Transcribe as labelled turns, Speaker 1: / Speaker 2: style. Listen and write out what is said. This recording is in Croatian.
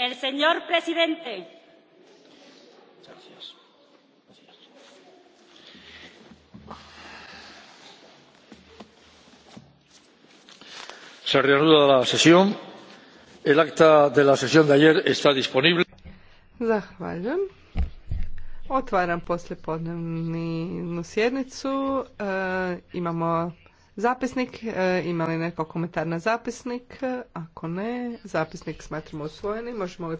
Speaker 1: El señor presidente.
Speaker 2: Se reanuda la sesión. El acta de la sesión de ayer está disponible.
Speaker 3: Zahvaljujem. Otvaram poslijepodnevnu sjednicu. E, imamo Zapisnik, e, ima li neko komentar na zapisnik? Ako ne, zapisnik smatramo
Speaker 4: usvojeni, Možemo li